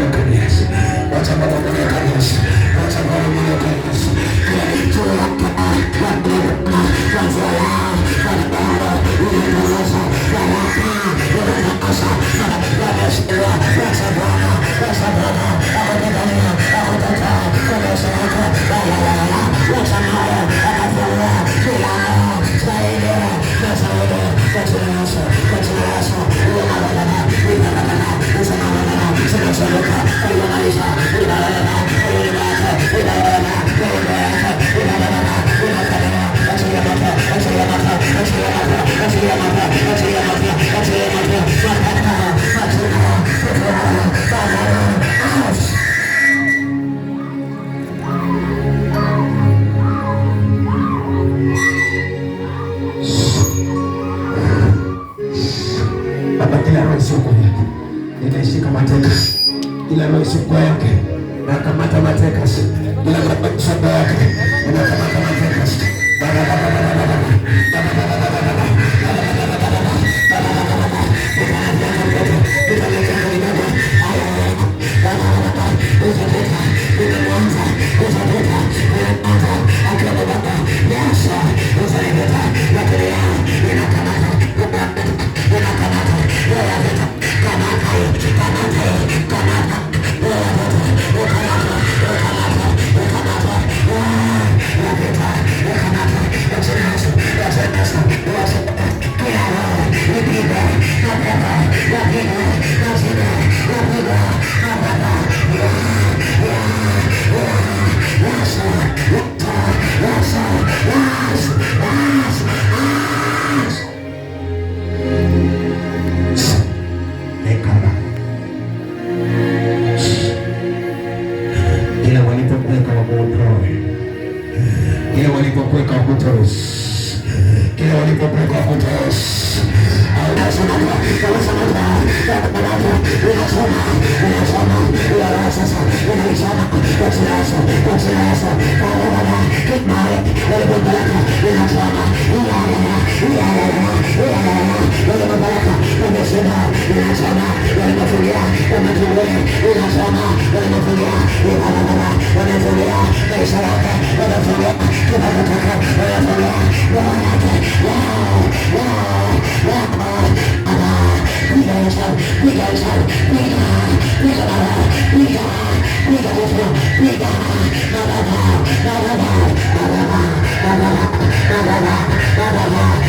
What's the matter? nakamata mateka, ninabadilisha baraka, nakamata mateka ila walipokuweka wakutoe, ila walipokuweka wakutoe kila ulipopunga kuta Yesu inasoma Ba ba ba ba ba ba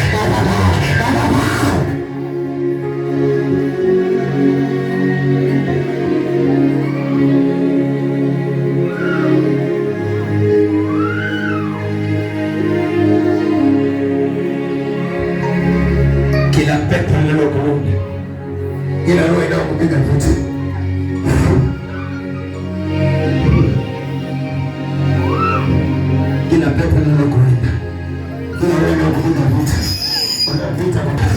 Thank you.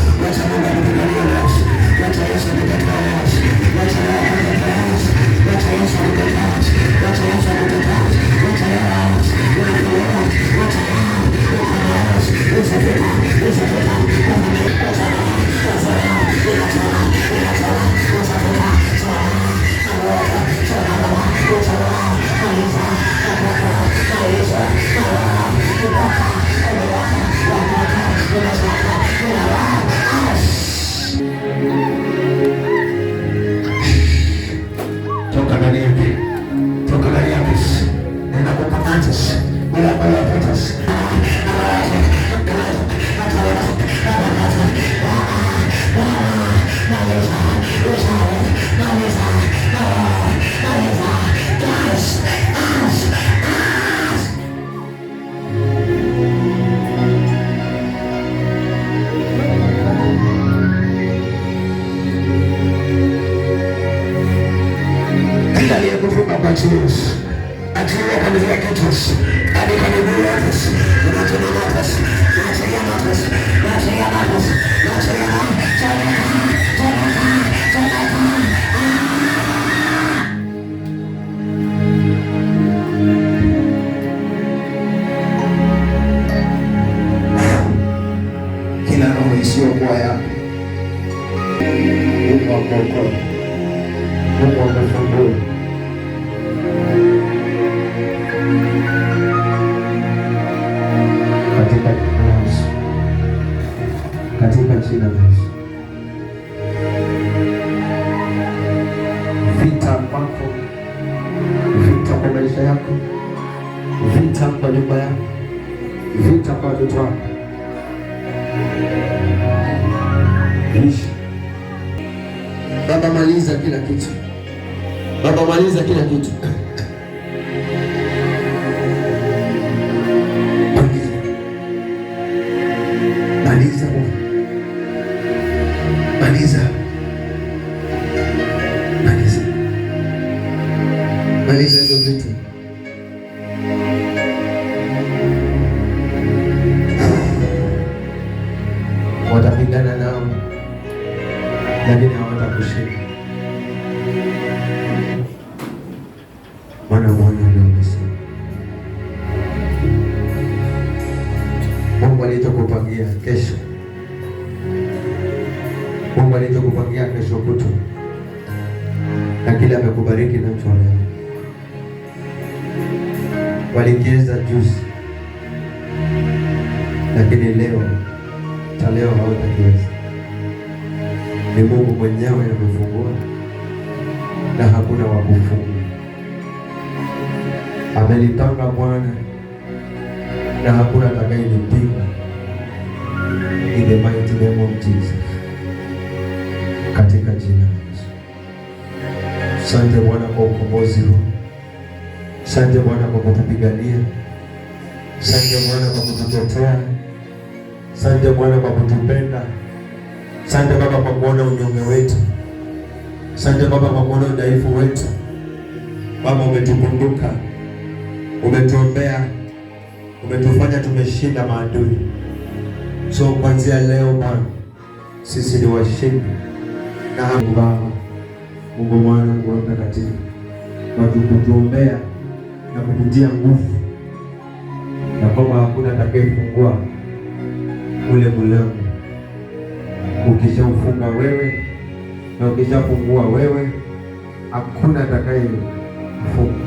Angalia nguvu kwa Yesu. Achilia kanisa la Yesu. Thank you. katika jina la Yesu. Vita kwako, vita kwa maisha yako, vita kwa nyumba yako, vita kwa watoto wako, ishi Baba, maliza kila kitu Baba, maliza kila kitu maliza, maliza maliza, maliza, maliza hizo vitu. Watapigana nao lakini hawatakushinda. Mwana mwana nasi Mungu alitakupangia kesho Mungu alichokupangia kesho kutu na kile amekubariki nacho leo. Walikiweza juzi, lakini leo taleo leo Ni Mungu mwenyewe amefungua na hakuna wa kufunga. Amelitanga Bwana na hakuna atakayelipinga. In the mighty name of Jesus katika jina la Yesu. Asante Bwana kwa ukombozi huu. Asante Bwana kwa kutupigania. Asante Bwana kwa kututetea. Asante Bwana kwa kutupenda. Asante Baba kwa kuona unyonge wetu. Asante Baba kwa kuona udhaifu wetu. Baba, umetukumbuka, umetuombea, umetufanya tumeshinda maadui. So kuanzia leo Bwana, sisi ni washindi na Mungu Baba, Mungu Mwana, Mungu Roho Mtakatifu, wakikutuombea na kukutia nguvu na kwamba hakuna atakayefungua ule mlango ukishaufunga wewe na ukishafungua wewe, hakuna atakayefunga.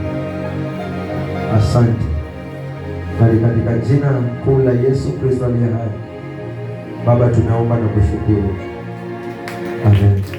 Asante bali, katika jina kuu la Yesu Kristo aliye hai, Baba, tunaomba na kushukuru, amen.